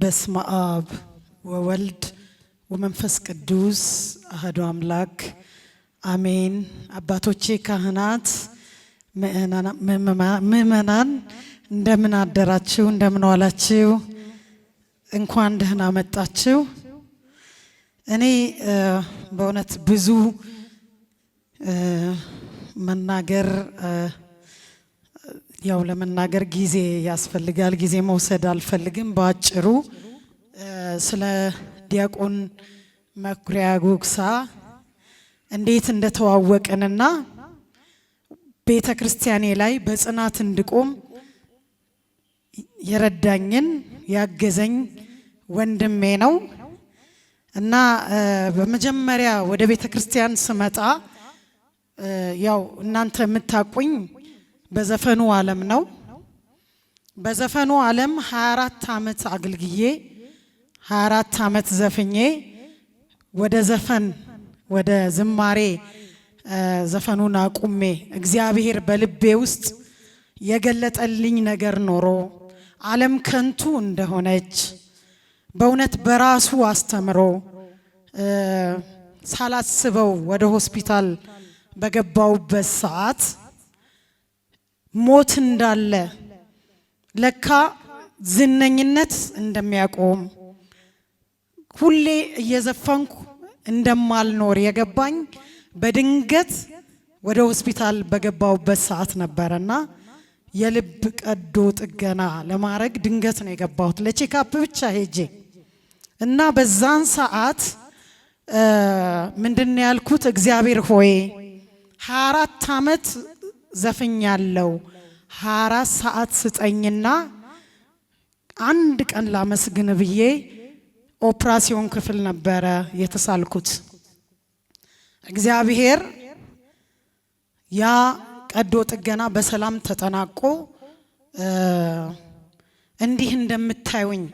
በስመ አብ ወወልድ ወመንፈስ ቅዱስ አህዶ አምላክ አሜን። አባቶቼ ካህናት፣ ምእመናን እንደምን አደራችሁ? እንደምን ዋላችሁ? እንኳን ደህና መጣችሁ። እኔ በእውነት ብዙ መናገር ያው ለመናገር ጊዜ ያስፈልጋል። ጊዜ መውሰድ አልፈልግም። በአጭሩ ስለ ዲያቆን መኩሪያ ጉግሳ እንዴት እንደተዋወቅንና ቤተ ክርስቲያኔ ላይ በጽናት እንድቆም የረዳኝን ያገዘኝ ወንድሜ ነው እና በመጀመሪያ ወደ ቤተ ክርስቲያን ስመጣ ያው እናንተ የምታቁኝ በዘፈኑ ዓለም ነው። በዘፈኑ ዓለም 24 ዓመት አገልግዬ 24 ዓመት ዘፍኜ ወደ ዘፈን ወደ ዝማሬ ዘፈኑን አቁሜ እግዚአብሔር በልቤ ውስጥ የገለጠልኝ ነገር ኖሮ ዓለም ከንቱ እንደሆነች በእውነት በራሱ አስተምሮ ሳላስበው ወደ ሆስፒታል በገባውበት ሰዓት ሞት እንዳለ ለካ ዝነኝነት እንደሚያቆም ሁሌ እየዘፈንኩ እንደማልኖር የገባኝ በድንገት ወደ ሆስፒታል በገባሁበት ሰዓት ነበረና የልብ ቀዶ ጥገና ለማድረግ ድንገት ነው የገባሁት ለቼካፕ ብቻ ሄጄ እና በዛን ሰዓት ምንድን ያልኩት እግዚአብሔር ሆይ 24 ዓመት ዘፍኛለሁ። ሀያ አራት ሰዓት ስጠኝና አንድ ቀን ላመስግን ብዬ ኦፕራሲዮን ክፍል ነበረ የተሳልኩት። እግዚአብሔር ያ ቀዶ ጥገና በሰላም ተጠናቆ እንዲህ እንደምታዩኝ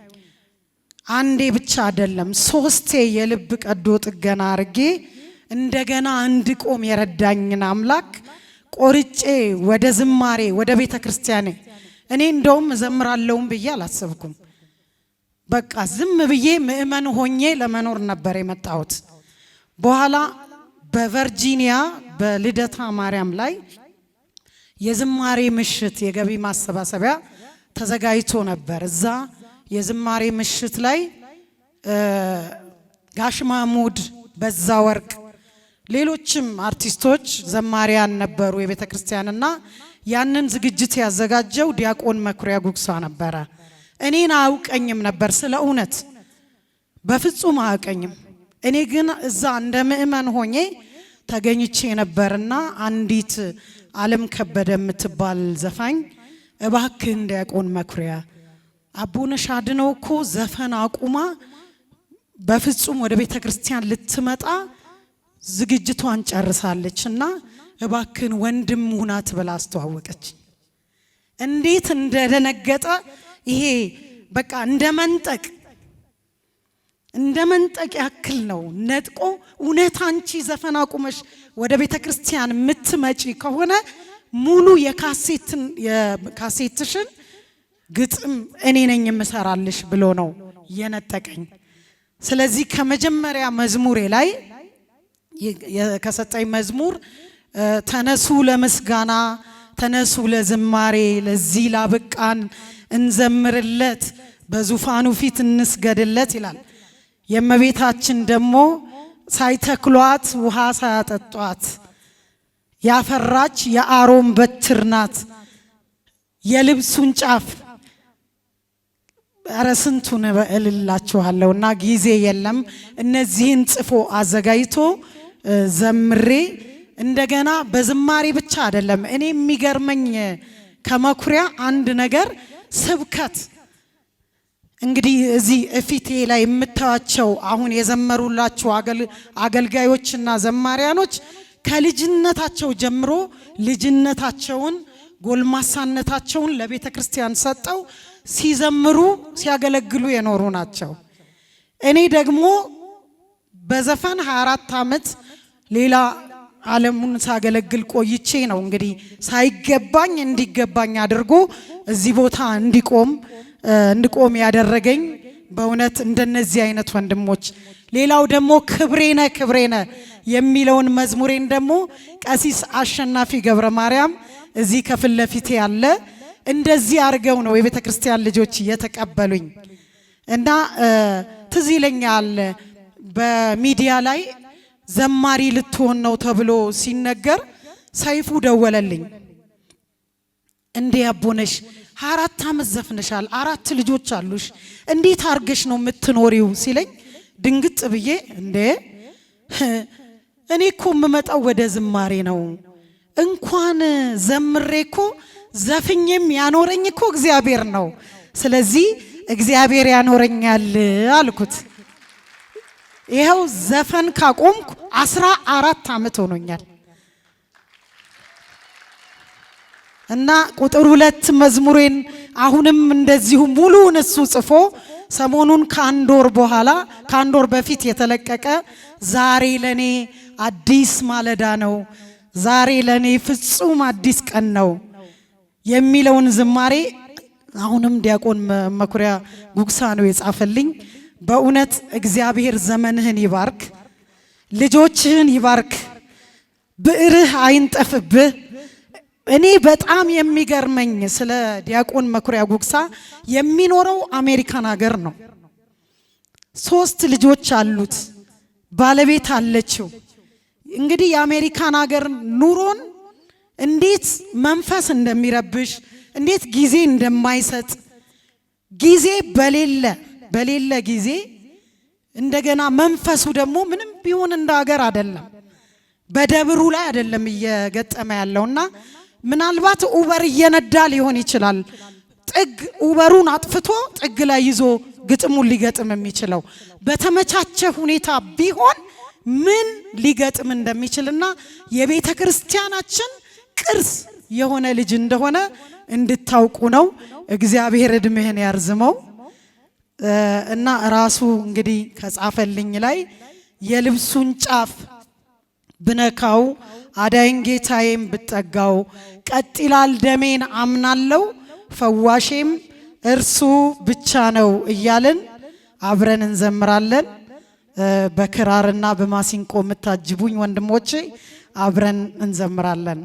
አንዴ ብቻ አይደለም ሶስቴ የልብ ቀዶ ጥገና አርጌ እንደገና እንድቆም የረዳኝን አምላክ ቆርጬ ወደ ዝማሬ ወደ ቤተ ክርስቲያኔ እኔ እንደውም እዘምራለሁም ብዬ አላሰብኩም። በቃ ዝም ብዬ ምእመን ሆኜ ለመኖር ነበር የመጣሁት። በኋላ በቨርጂኒያ በልደታ ማርያም ላይ የዝማሬ ምሽት የገቢ ማሰባሰቢያ ተዘጋጅቶ ነበር። እዛ የዝማሬ ምሽት ላይ ጋሽ ማሙድ በዛ ወርቅ ሌሎችም አርቲስቶች ዘማሪያን ነበሩ የቤተ ክርስቲያንና ያንን ዝግጅት ያዘጋጀው ዲያቆን መኩሪያ ጉግሳ ነበረ። እኔን አያውቀኝም ነበር ስለ እውነት በፍጹም አያውቀኝም። እኔ ግን እዛ እንደ ምእመን ሆኜ ተገኝቼ ነበርና አንዲት አለም ከበደ የምትባል ዘፋኝ እባክህን ዲያቆን መኩሪያ አቦነሽ አድነው እኮ ዘፈን አቁማ በፍጹም ወደ ቤተ ክርስቲያን ልትመጣ ዝግጅቷን ጨርሳለች እና እባክን ወንድም ሁና ትብላ አስተዋወቀች። እንዴት እንደደነገጠ ይሄ በቃ እንደ መንጠቅ እንደ መንጠቅ ያክል ነው ነጥቆ። እውነት አንቺ ዘፈን አቁመሽ ወደ ቤተ ክርስቲያን የምትመጪ ከሆነ ሙሉ የካሴትሽን ግጥም እኔ ነኝ የምሰራልሽ ብሎ ነው የነጠቀኝ። ስለዚህ ከመጀመሪያ መዝሙሬ ላይ ከሰጠኝ መዝሙር ተነሱ ለምስጋና ተነሱ ለዝማሬ ለዚህ ላብቃን እንዘምርለት በዙፋኑ ፊት እንስገድለት ይላል። የእመቤታችን ደግሞ ሳይተክሏት ውሃ ሳያጠጧት ያፈራች የአሮን በትር ናት። የልብሱን ጫፍ ኧረ ስንቱን እልላችኋለሁ እና ጊዜ የለም። እነዚህን ጽፎ አዘጋጅቶ ዘምሬ እንደገና በዝማሬ ብቻ አይደለም። እኔ የሚገርመኝ ከመኩሪያ አንድ ነገር ስብከት እንግዲህ እዚህ እፊቴ ላይ የምታዩቸው አሁን የዘመሩላችሁ አገልጋዮችና ዘማሪያኖች ከልጅነታቸው ጀምሮ ልጅነታቸውን ጎልማሳነታቸውን ለቤተ ክርስቲያን ሰጠው ሲዘምሩ ሲያገለግሉ የኖሩ ናቸው። እኔ ደግሞ በዘፈን 24 ዓመት ሌላ ዓለሙን ሳገለግል ቆይቼ ነው እንግዲህ ሳይገባኝ እንዲገባኝ አድርጎ እዚህ ቦታ እንዲቆም እንድቆም ያደረገኝ በእውነት እንደነዚህ አይነት ወንድሞች። ሌላው ደግሞ ክብሬነ ክብሬነ የሚለውን መዝሙሬን ደግሞ ቀሲስ አሸናፊ ገብረ ማርያም እዚህ ከፊት ለፊቴ ያለ እንደዚህ አድርገው ነው የቤተ ክርስቲያን ልጆች እየተቀበሉኝ እና ትዝ ይለኛል በሚዲያ ላይ ዘማሪ ልትሆን ነው ተብሎ ሲነገር ሰይፉ ደወለልኝ። እንዴ አቦነሽ አራት ዓመት ዘፍነሻል፣ አራት ልጆች አሉሽ፣ እንዴት አርገሽ ነው የምትኖሪው ሲለኝ ድንግጥ ብዬ እንዴ እኔ እኮ የምመጣው ወደ ዝማሬ ነው። እንኳን ዘምሬ እኮ ዘፍኝም ያኖረኝ እኮ እግዚአብሔር ነው። ስለዚህ እግዚአብሔር ያኖረኛል አልኩት። ይኸው ዘፈን ካቆምኩ አስራ አራት ዓመት ሆኖኛል እና ቁጥር ሁለት መዝሙሬን አሁንም እንደዚሁ ሙሉውን እሱ ጽፎ ሰሞኑን ከአንድ ወር በኋላ ከአንድ ወር በፊት የተለቀቀ ዛሬ ለእኔ አዲስ ማለዳ ነው፣ ዛሬ ለእኔ ፍጹም አዲስ ቀን ነው የሚለውን ዝማሬ አሁንም ዲያቆን መኩሪያ ጉግሳ ነው የጻፈልኝ። በእውነት እግዚአብሔር ዘመንህን ይባርክ፣ ልጆችህን ይባርክ፣ ብዕርህ አይንጠፍብህ። እኔ በጣም የሚገርመኝ ስለ ዲያቆን መኩሪያ ጉግሳ የሚኖረው አሜሪካን ሀገር ነው። ሶስት ልጆች አሉት፣ ባለቤት አለችው። እንግዲህ የአሜሪካን ሀገር ኑሮን እንዴት መንፈስ እንደሚረብሽ እንዴት ጊዜ እንደማይሰጥ ጊዜ በሌለ በሌለ ጊዜ እንደገና መንፈሱ ደግሞ ምንም ቢሆን እንደ ሀገር አይደለም፣ በደብሩ ላይ አይደለም እየገጠመ ያለውና ምናልባት ኡበር እየነዳ ሊሆን ይችላል። ጥግ ኡበሩን አጥፍቶ ጥግ ላይ ይዞ ግጥሙን ሊገጥም የሚችለው በተመቻቸ ሁኔታ ቢሆን ምን ሊገጥም እንደሚችልና የቤተ ክርስቲያናችን ቅርስ የሆነ ልጅ እንደሆነ እንድታውቁ ነው። እግዚአብሔር ዕድሜህን ያርዝመው። እና ራሱ እንግዲህ ከጻፈልኝ ላይ የልብሱን ጫፍ ብነካው አዳይን ጌታዬም ብጠጋው ቀጥ ይላል ደሜን አምናለው ፈዋሼም እርሱ ብቻ ነው እያልን አብረን እንዘምራለን። በክራርና በማሲንቆ የምታጅቡኝ ወንድሞቼ አብረን እንዘምራለን።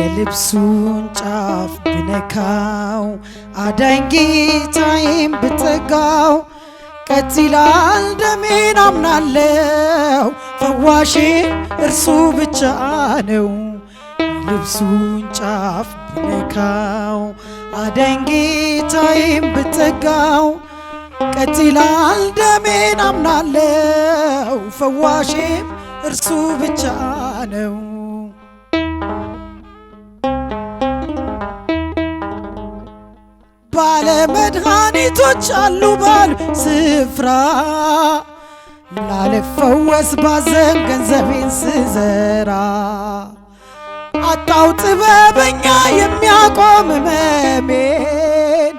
የልብሱን ጫፍ ብነካው አዳኝ ጌታዬም ብጠጋው ቀጥ ይላል ደሜን አምናለው ፈዋሼ እርሱ ብቻ ነው። ልብሱን ጫፍ ብነካው አዳኝ ጌታዬም ብጠጋው ቀጥ ይላል ደሜን አምናለው ፈዋሼም እርሱ ብቻ ነው። መድኃኒቶች አሉ ባል ስፍራ ላለፈወስ ባዘን ገንዘቤን ስዘራ አጣው ጥበበኛ የሚያቆም መሜን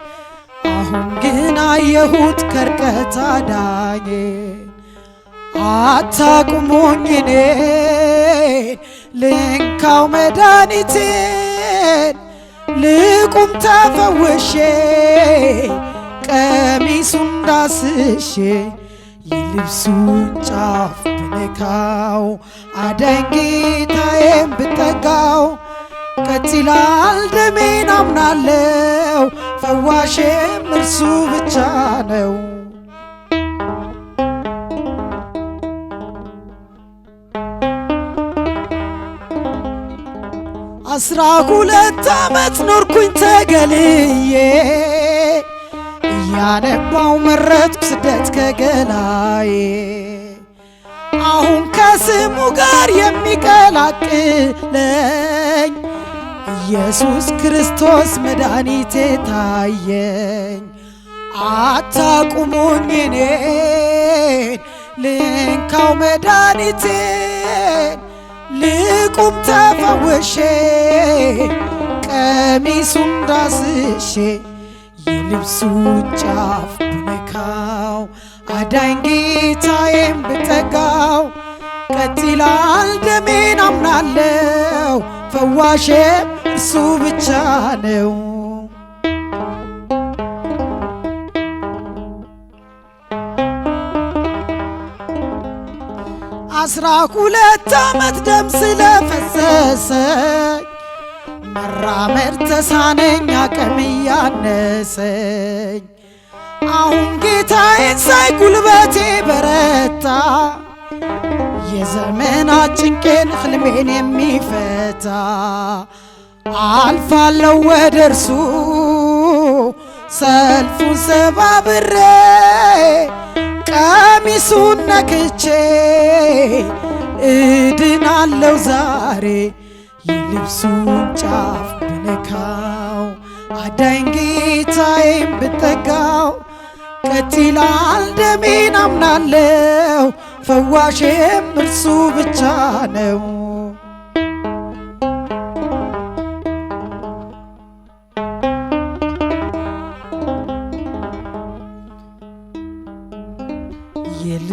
አሁን ግን አየሁት ከርቀት አዳኜን አታቁሞኝኔ ልንካው መድኃኒቴን ልቁም ተፈወሼ ቀሚሱን ዳስሼ የልብሱን ጫፍ ብነካው አዳኝ ጌታዬን ብጠጋው ቀጥ ይላል ደሜን አምናለው ፈዋሼም እርሱ ብቻ ነው። አስራ ሁለት አመት ኖርኩኝ ተገልዬ እያነባው መረጥኩ ስደት ከገላዬ አሁን ከስሙ ጋር የሚቀላቅለኝ ኢየሱስ ክርስቶስ መድኃኒቴ ታየኝ። አታቁሙኝ እኔን ልንካው መድኃኒቴን ልቁም ተፈወሼ ቀሚሱን ዳስሼ የልብሱ ጫፍ ብነካው አዳኝ ጌታዬም ብጠጋው ቀጥ ይላል ደሜን አምናለው ፈዋሼም እሱ ብቻ ነው። አስራ ሁለት ዓመት ደም ስለፈሰሰኝ መራመድ ተሳነኝ አቅም ያነሰኝ አሁን ጌታዬን ሳይ ጉልበቴ በረታ የዘመና ጭንቄን ህልሜን የሚፈታ አልፋለው ወደ እርሱ ሰልፉን ሰባብሬ ቀሚሱን ነክቼ እድናለው ዛሬ የልብሱን ጫፍ ብነካው አዳኝ ጌታዬም ብጠጋው ቀጥ ይላል ደሜን አምናለው ፈዋሼም እርሱ ብቻ ነው።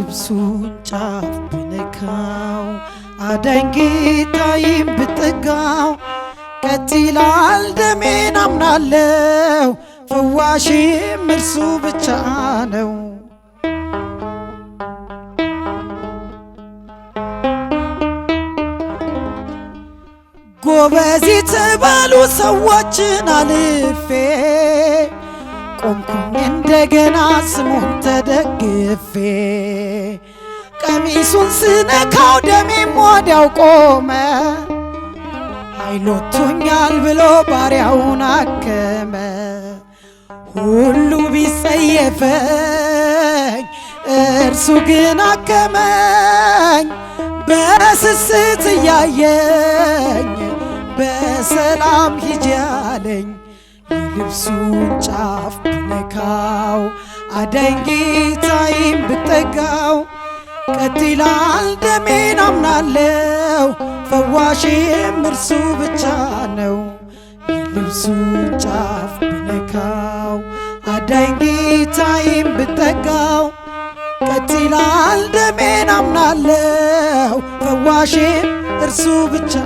የልብሱን ጫፍ ብነካው አዳኝ ጌታዬን ብጠጋው ቀጥ ይላል ደሜን አምናለው ፈዋሽም እርሱ ብቻ ነው። ጎበዝ የተባሉ ሰዎችን አልፌ ቆምኩኝ እንደገና ስሙን ተደግፌ ቀሚሱን ስነካው ደሜም ወዲያው ቆመ። አይሎቶኛል ብሎ ባሪያውን አከመ። ሁሉ ቢጸየፈኝ እርሱ ግን አከመኝ። በስስት እያየኝ በሰላም ሂጂ አለኝ። የልብሱን ጫፍ ብነካው አዳኝ ጌታዬን ብጠጋው ቀጥ ይላል ደሜን አምናለው ፈዋሽም እርሱ ብቻ ነው። የልብሱን ጫፍ ብነካው አዳኝ ጌታዬን ብጠጋው ቀጥ ይላል ደሜን አምናለው ፈዋሽም እርሱ ብቻ